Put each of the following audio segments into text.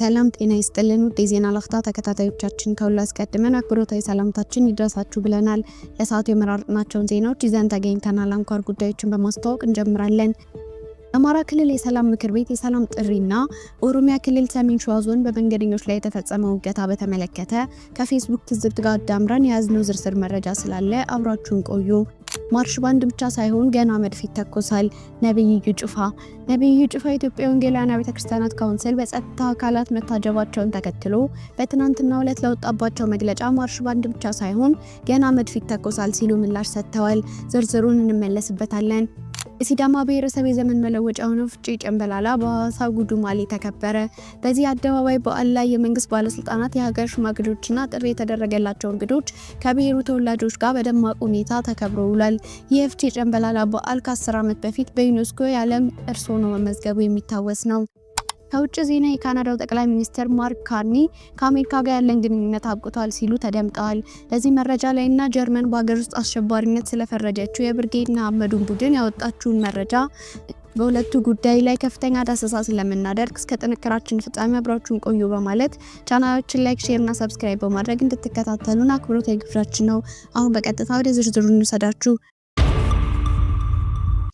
ሰላም ጤና ይስጥልን ውድ የዜና ላፍታ ተከታታዮቻችን፣ ከሁሉ አስቀድመን አክብሮታዊ ሰላምታችን ይድረሳችሁ ብለናል። ለሰዓቱ የመራርጥናቸውን ዜናዎች ይዘን ተገኝተናል። አንኳር ጉዳዮችን በማስተዋወቅ እንጀምራለን። አማራ ክልል የሰላም ምክር ቤት የሰላም ጥሪና ኦሮሚያ ክልል ሰሜን ሸዋ ዞን በመንገደኞች ላይ የተፈጸመው እገታ በተመለከተ ከፌስቡክ ትዝብት ጋር አዳምረን የያዝነው ዝርዝር መረጃ ስላለ አብራችሁን ቆዩ። ማርሽ ባንድ ብቻ ሳይሆን ገና መድፍ ይተኮሳል። ነብዩ ጩፋ ነብዩ ጩፋ የኢትዮጵያ ወንጌላውያን ቤተክርስቲያናት ካውንስል በጸጥታ አካላት መታጀባቸውን ተከትሎ በትናንትናው ዕለት ለወጣባቸው መግለጫ ማርሽ ባንድ ብቻ ሳይሆን ገና መድፍ ይተኮሳል ሲሉ ምላሽ ሰጥተዋል። ዝርዝሩን እንመለስበታለን። የሲዳማ ብሔረሰብ የዘመን መለወጫውን ፍጪ ጨንበላላ በሐዋሳ ማሌ ተከበረ። በዚህ አደባባይ በዓል ላይ የመንግስት ባለስልጣናት፣ የሀገር ሽማግሌዎችና ጥሪ የተደረገላቸው እንግዶች ከብሔሩ ተወላጆች ጋር በደማቅ ሁኔታ ተከብሮ ውሏል። የፍጪ ጨንበላላ በዓል ከ10 ዓመት በፊት በዩኔስኮ የዓለም እርስ ሆኖ መመዝገቡ የሚታወስ ነው። ከውጭ ዜና የካናዳው ጠቅላይ ሚኒስትር ማርክ ካርኒ ከአሜሪካ ጋር ያለን ግንኙነት አብቅቷል ሲሉ ተደምጠዋል። በዚህ መረጃ ላይና ጀርመን በሀገር ውስጥ አሸባሪነት ስለፈረጀችው የብርጌድና አመዱን ቡድን ያወጣችውን መረጃ በሁለቱ ጉዳይ ላይ ከፍተኛ ዳሰሳ ስለምናደርግ እስከ ጥንክራችን ፍጻሜ አብራችሁን ቆዩ በማለት ቻናላችን ላይክ፣ ሼር እና ሰብስክራይብ በማድረግ እንድትከታተሉን አክብሮት ግብዣችን ነው። አሁን በቀጥታ ወደ ዝርዝሩ እንውሰዳችሁ።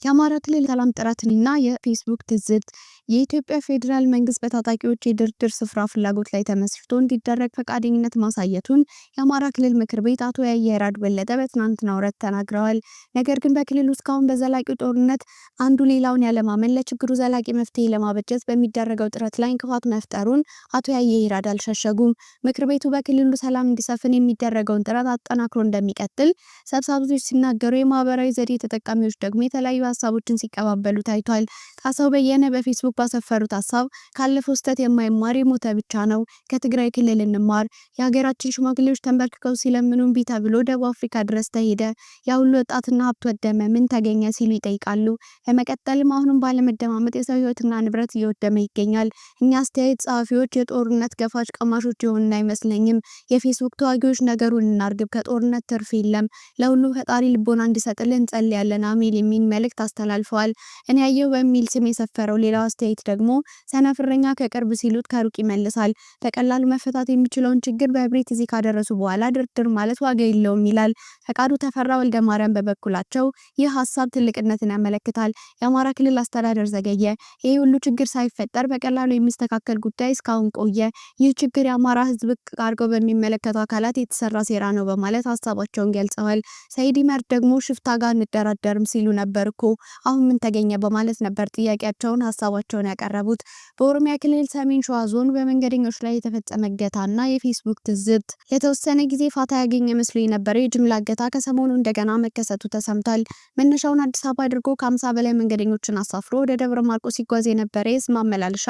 የአማራ ክልል ሰላም ጥረትንና የፌስቡክ ትዝብት የኢትዮጵያ ፌዴራል መንግስት በታጣቂዎች የድርድር ስፍራ ፍላጎት ላይ ተመስርቶ እንዲደረግ ፈቃደኝነት ማሳየቱን የአማራ ክልል ምክር ቤት አቶ ያየራድ በለጠ በትናንትናው ዕለት ተናግረዋል። ነገር ግን በክልሉ እስካሁን በዘላቂው ጦርነት አንዱ ሌላውን ያለማመን ለችግሩ ዘላቂ መፍትሄ ለማበጀት በሚደረገው ጥረት ላይ እንቅፋት መፍጠሩን አቶ ያየራድ አልሸሸጉም። ምክር ቤቱ በክልሉ ሰላም እንዲሰፍን የሚደረገውን ጥረት አጠናክሮ እንደሚቀጥል ሰብሳቢዎች ሲናገሩ፣ የማህበራዊ ዘዴ ተጠቃሚዎች ደግሞ የተለያዩ ሀሳቦችን ሲቀባበሉ ታይቷል። ካሳው በየነ በፌስቡክ ባሰፈሩት ሀሳብ ካለፈው ስህተት የማይማር የሞተ ብቻ ነው፣ ከትግራይ ክልል እንማር፣ የሀገራችን ሽማግሌዎች ተንበርክከው ሲለምኑ ቢታ ብሎ ደቡብ አፍሪካ ድረስ ተሄደ፣ የሁሉ ወጣትና ሀብት ወደመ፣ ምን ተገኘ ሲሉ ይጠይቃሉ። በመቀጠልም አሁንም ባለመደማመጥ የሰው ህይወትና ንብረት እየወደመ ይገኛል። እኛ አስተያየት ጸሐፊዎች የጦርነት ገፋች ቀማሾች የሆንን አይመስለኝም። የፌስቡክ ተዋጊዎች ነገሩን እናርግብ፣ ከጦርነት ትርፍ የለም። ለሁሉ ፈጣሪ ልቦና እንዲሰጥልን እንጸልያለን። አሜል የሚል መልእክት አስተላልፈዋል። እኔ ያየው በሚል ስም የሰፈረው ሌላው አስተያየት ደግሞ ሰነፍረኛ ከቅርብ ሲሉት ከሩቅ ይመልሳል። በቀላሉ መፈታት የሚችለውን ችግር በብሬት እዚህ ካደረሱ በኋላ ድርድር ማለት ዋጋ የለውም ይላል። ፈቃዱ ተፈራ ወልደ ማርያም በበኩላቸው ይህ ሀሳብ ትልቅነትን ያመለክታል። የአማራ ክልል አስተዳደር ዘገየ። ይህ ሁሉ ችግር ሳይፈጠር በቀላሉ የሚስተካከል ጉዳይ እስካሁን ቆየ። ይህ ችግር የአማራ ህዝብ አድርገው በሚመለከቱ አካላት የተሰራ ሴራ ነው በማለት ሀሳባቸውን ገልጸዋል። ሰይድ መር ደግሞ ሽፍታ ጋር እንደራደርም ሲሉ ነበር እኮ አሁን ምን ተገኘ በማለት ነበር ጥያቄያቸውን ሀሳባቸው መግለጫቸውን ያቀረቡት በኦሮሚያ ክልል ሰሜን ሸዋ ዞን በመንገደኞች ላይ የተፈጸመ እገታና የፌስቡክ ትዝብት ለተወሰነ ጊዜ ፋታ ያገኘ መስሎ የነበረው የጅምላ እገታ ከሰሞኑ እንደገና መከሰቱ ተሰምቷል። መነሻውን አዲስ አበባ አድርጎ ከ በላይ መንገደኞችን አሳፍሮ ወደ ደብረ ማርቆስ ሲጓዝ የነበረ የህዝብ ማመላለሻ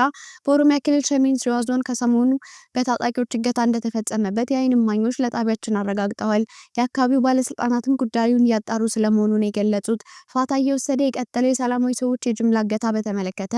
በኦሮሚያ ክልል ሰሜን ሸዋ ዞን ከሰሞኑ በታጣቂዎች እገታ እንደተፈጸመበት የአይን እማኞች ለጣቢያችን አረጋግጠዋል። የአካባቢው ባለስልጣናትም ጉዳዩን እያጣሩ ስለመሆኑ የገለጹት። ፋታ እየወሰደ የቀጠለው የሰላማዊ ሰዎች የጅምላ እገታ በተመለከተ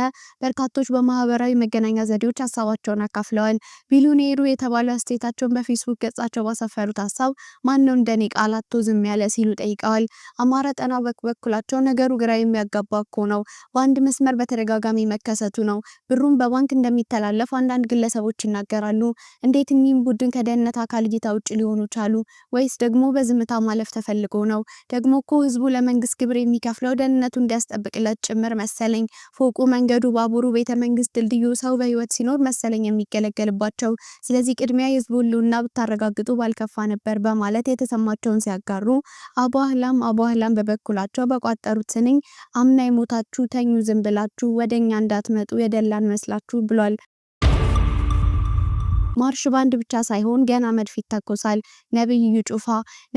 በርካቶች በማህበራዊ መገናኛ ዘዴዎች ሀሳባቸውን አካፍለዋል። ቢሊዮኔሩ የተባለ አስተያየታቸውን በፌስቡክ ገጻቸው ባሰፈሩት ሀሳብ ማነው እንደኔ ቃላቶ ዝም ያለ ሲሉ ጠይቀዋል። አማረ ጠና በበኩላቸው ነገሩ ግራ የሚያጋባ እኮ ነው፣ በአንድ መስመር በተደጋጋሚ መከሰቱ ነው። ብሩም በባንክ እንደሚተላለፍ አንዳንድ ግለሰቦች ይናገራሉ። እንዴት እኒህም ቡድን ከደህንነት አካል እይታ ውጭ ሊሆኑ ቻሉ? ወይስ ደግሞ በዝምታ ማለፍ ተፈልጎ ነው? ደግሞ እኮ ህዝቡ ለመንግስት ግብር የሚከፍለው ደህንነቱ እንዲያስጠብቅለት ጭምር መሰለኝ። ፎቁ መንገዱ የባቡሩ ቤተ መንግስት ድልድዩ ሰው በህይወት ሲኖር መሰለኝ የሚገለገልባቸው። ስለዚህ ቅድሚያ የህዝቡ ህልውና ብታረጋግጡ ባልከፋ ነበር በማለት የተሰማቸውን ሲያጋሩ፣ አቧህላም አቧህላም በበኩላቸው በቋጠሩት ስንኝ አምና የሞታችሁ ተኙ ዝም ብላችሁ ወደ እኛ እንዳትመጡ የደላን መስላችሁ ብሏል። ማርሽ ባንድ ብቻ ሳይሆን ገና መድፍ ይተኮሳል። ነብዩ ጩፋ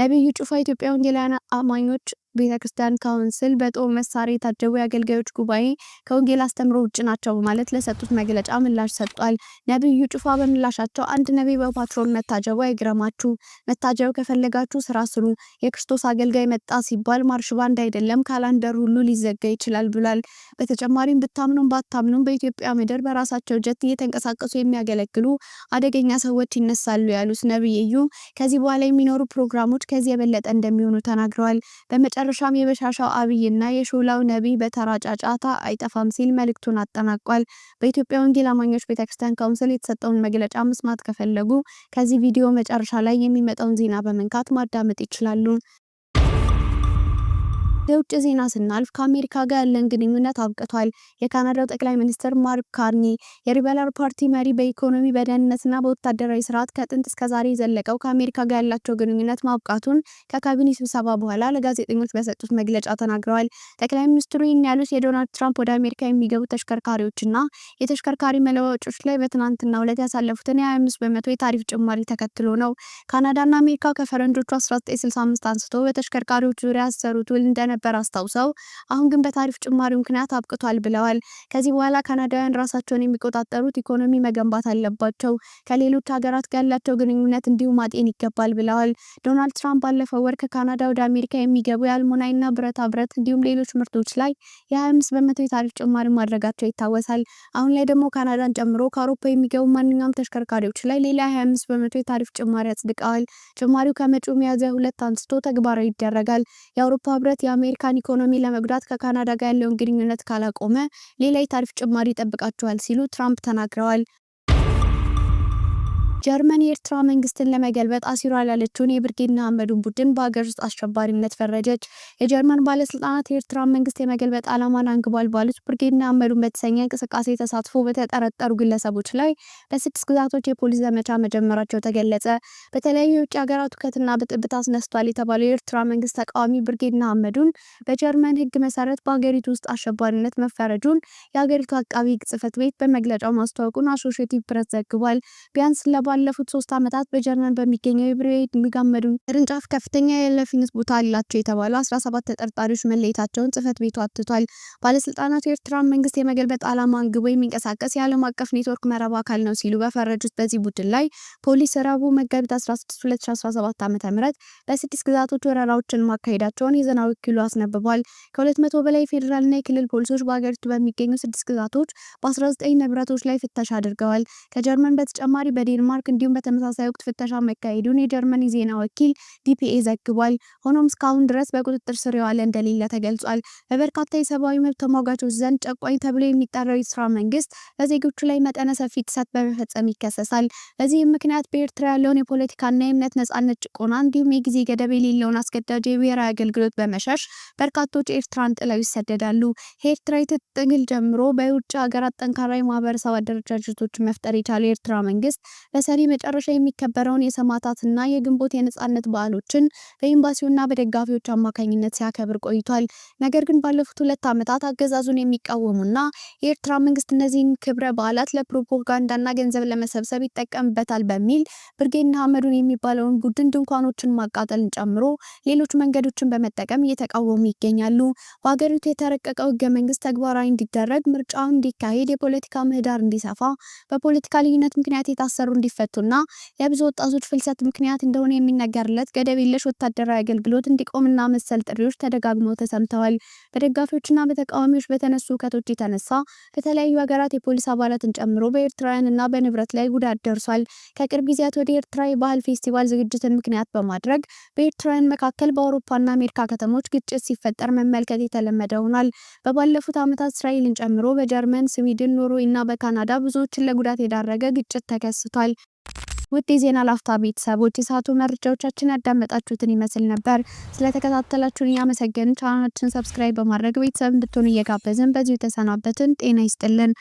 ነብዩ ጩፋ ኢትዮጵያ ወንጌላውያን አማኞች ቤተ ክርስቲያን ካውንስል በጦር መሳሪያ የታጀቡ የአገልጋዮች ጉባኤ ከወንጌል አስተምሮ ውጭ ናቸው በማለት ለሰጡት መግለጫ ምላሽ ሰጥቷል። ነቢዩ ጩፋ በምላሻቸው አንድ ነቢይ በፓትሮል መታጀቡ አይግረማችሁ፣ መታጀብ ከፈለጋችሁ ስራ ስሩ። የክርስቶስ አገልጋይ መጣ ሲባል ማርሽ ባንድ አይደለም ካላንደር ሁሉ ሊዘጋ ይችላል ብሏል። በተጨማሪም ብታምኑም ባታምኑም በኢትዮጵያ ምድር በራሳቸው ጀት እየተንቀሳቀሱ የሚያገለግሉ አደገኛ ሰዎች ይነሳሉ ያሉት ነቢይዩ ከዚህ በኋላ የሚኖሩ ፕሮግራሞች ከዚህ የበለጠ እንደሚሆኑ ተናግረዋል። በመጨረ በመጨረሻም የመሻሻው አብይና የሾላው ነቢይ በተራ ጫጫታ አይጠፋም ሲል መልእክቱን አጠናቋል። በኢትዮጵያ ወንጌል አማኞች ቤተክርስቲያን ካውንስል የተሰጠውን መግለጫ መስማት ከፈለጉ ከዚህ ቪዲዮ መጨረሻ ላይ የሚመጣውን ዜና በመንካት ማዳመጥ ይችላሉ። የውጭ ዜና ስናልፍ ከአሜሪካ ጋር ያለን ግንኙነት አብቅቷል። የካናዳው ጠቅላይ ሚኒስትር ማርክ ካርኒ የሪበላር ፓርቲ መሪ በኢኮኖሚ በደህንነትና በወታደራዊ ስርዓት ከጥንት እስከዛሬ የዘለቀው ከአሜሪካ ጋር ያላቸው ግንኙነት ማብቃቱን ከካቢኔ ስብሰባ በኋላ ለጋዜጠኞች በሰጡት መግለጫ ተናግረዋል። ጠቅላይ ሚኒስትሩ ይህን ያሉት የዶናልድ ትራምፕ ወደ አሜሪካ የሚገቡ ተሽከርካሪዎችና የተሽከርካሪ መለዋወጮች ላይ በትናንትና ሁለት ያሳለፉትን የ25 በመቶ የታሪፍ ጭማሪ ተከትሎ ነው። ካናዳና አሜሪካ ከፈረንጆቹ 1965 አንስቶ በተሽከርካሪዎች ዙሪያ ያሰሩት ውል እንደነበ እንደነበር አስታውሰው አሁን ግን በታሪፍ ጭማሪ ምክንያት አብቅቷል ብለዋል። ከዚህ በኋላ ካናዳውያን ራሳቸውን የሚቆጣጠሩት ኢኮኖሚ መገንባት አለባቸው፣ ከሌሎች ሀገራት ጋር ያላቸው ግንኙነት እንዲሁ ማጤን ይገባል ብለዋል። ዶናልድ ትራምፕ ባለፈው ወር ከካናዳ ወደ አሜሪካ የሚገቡ የአልሙናይና ብረታ ብረት እንዲሁም ሌሎች ምርቶች ላይ የ25 በመቶ የታሪፍ ጭማሪ ማድረጋቸው ይታወሳል። አሁን ላይ ደግሞ ካናዳን ጨምሮ ከአውሮፓ የሚገቡ ማንኛውም ተሽከርካሪዎች ላይ ሌላ 25 በመቶ የታሪፍ ጭማሪ አጽድቀዋል። ጭማሪው ከመጪው ሚያዝያ ሁለት አንስቶ ተግባራዊ ይደረጋል። የአውሮፓ ህብረት የአሜ የአሜሪካን ኢኮኖሚ ለመጉዳት ከካናዳ ጋር ያለውን ግንኙነት ካላቆመ ሌላ የታሪፍ ጭማሪ ይጠብቃቸዋል ሲሉ ትራምፕ ተናግረዋል። ጀርመን የኤርትራ መንግስትን ለመገልበጥ አሲሯል ያለችውን የብርጌድና አህመዱን ቡድን በሀገር ውስጥ አሸባሪነት ፈረጀች። የጀርመን ባለስልጣናት የኤርትራ መንግስት የመገልበጥ አላማን አንግቧል ባሉት ብርጌድና አህመዱን በተሰኘ እንቅስቃሴ ተሳትፎ በተጠረጠሩ ግለሰቦች ላይ በስድስት ግዛቶች የፖሊስ ዘመቻ መጀመራቸው ተገለጸ። በተለያዩ የውጭ ሀገራት ውከትና ብጥብጥ አስነስቷል የተባለው የኤርትራ መንግስት ተቃዋሚ ብርጌድና አህመዱን በጀርመን ህግ መሰረት በሀገሪቱ ውስጥ አሸባሪነት መፈረጁን የሀገሪቱ አቃቢ ህግ ጽህፈት ቤት በመግለጫው ማስታወቁን አሶሽቲቭ ፕረስ ዘግቧል። ቢያንስ ለባ ባለፉት ሶስት ዓመታት በጀርመን በሚገኘው የብሬድ ንጋመዱ ቅርንጫፍ ከፍተኛ የለፊነት ቦታ አላቸው የተባሉ 17 ተጠርጣሪዎች መለየታቸውን ጽህፈት ቤቱ አትቷል። ባለስልጣናቱ የኤርትራን መንግስት የመገልበጥ ዓላማ አንግቦ የሚንቀሳቀስ የዓለም አቀፍ ኔትወርክ መረብ አካል ነው ሲሉ በፈረጁት በዚህ ቡድን ላይ ፖሊስ ረቡዕ መጋቢት 16 2017 ዓ ም በስድስት ግዛቶች ወረራዎችን ማካሄዳቸውን የዜና ወኪሉ አስነብቧል ከሁለት መቶ በላይ ፌዴራልና የክልል ፖሊሶች በሀገሪቱ በሚገኙ ስድስት ግዛቶች በ19 ንብረቶች ላይ ፍተሻ አድርገዋል። ከጀርመን በተጨማሪ በዴንማር ዴንማርክ እንዲሁም በተመሳሳይ ወቅት ፍተሻ መካሄዱን የጀርመኒ ዜና ወኪል ዲፒኤ ዘግቧል። ሆኖም እስካሁን ድረስ በቁጥጥር ስር የዋለ እንደሌለ ተገልጿል። በበርካታ የሰብአዊ መብት ተሟጋቾች ዘንድ ጨቋኝ ተብሎ የሚጠራው የኤርትራ መንግስት በዜጎቹ ላይ መጠነ ሰፊ ጥሰት በመፈጸም ይከሰሳል። በዚህም ምክንያት በኤርትራ ያለውን የፖለቲካና የእምነት ነጻነት ጭቆና እንዲሁም የጊዜ ገደብ የሌለውን አስገዳጅ የብሔራዊ አገልግሎት በመሸሽ በርካቶች ኤርትራን ጥለው ይሰደዳሉ። ከኤርትራ ትግል ጀምሮ በውጭ ሀገራት ጠንካራ የማህበረሰብ አደረጃጀቶች መፍጠር የቻለው የኤርትራ መንግስት በሰኔ መጨረሻ የሚከበረውን የሰማዕታትና የግንቦት የነጻነት በዓሎችን በኤምባሲውና በደጋፊዎች አማካኝነት ሲያከብር ቆይቷል። ነገር ግን ባለፉት ሁለት ዓመታት አገዛዙን የሚቃወሙና የኤርትራ መንግስት እነዚህን ክብረ በዓላት ለፕሮፓጋንዳና ገንዘብ ለመሰብሰብ ይጠቀምበታል በሚል ብርጌድ ንሓመዱን የሚባለውን ቡድን ድንኳኖችን ማቃጠልን ጨምሮ ሌሎች መንገዶችን በመጠቀም እየተቃወሙ ይገኛሉ። በሀገሪቱ የተረቀቀው ህገ መንግስት ተግባራዊ እንዲደረግ፣ ምርጫ እንዲካሄድ፣ የፖለቲካ ምህዳር እንዲሰፋ፣ በፖለቲካ ልዩነት ምክንያት የታሰሩ እንዲፈ እንዲፈቱና የብዙ ወጣቶች ፍልሰት ምክንያት እንደሆነ የሚነገርለት ገደብ የለሽ ወታደራዊ አገልግሎት እንዲቆምና መሰል ጥሪዎች ተደጋግመው ተሰምተዋል። በደጋፊዎችና በተቃዋሚዎች በተነሱ ሁከቶች የተነሳ በተለያዩ ሀገራት የፖሊስ አባላትን ጨምሮ በኤርትራውያንና በንብረት ላይ ጉዳት ደርሷል። ከቅርብ ጊዜያት ወደ ኤርትራ የባህል ፌስቲቫል ዝግጅትን ምክንያት በማድረግ በኤርትራውያን መካከል በአውሮፓና አሜሪካ ከተሞች ግጭት ሲፈጠር መመልከት የተለመደ ሆኗል። በባለፉት ዓመታት እስራኤልን ጨምሮ በጀርመን፣ ስዊድን፣ ኖርዌይ እና በካናዳ ብዙዎችን ለጉዳት የዳረገ ግጭት ተከስቷል። ውድ የዜና ላፍታ ቤተሰቦች የሰዓቱ መረጃዎቻችን ያዳመጣችሁትን ይመስል ነበር። ስለተከታተላችሁን እያመሰገን ቻናችን ሰብስክራይብ በማድረግ ቤተሰብ እንድትሆኑ እየጋበዝን በዚሁ የተሰናበትን። ጤና ይስጥልን።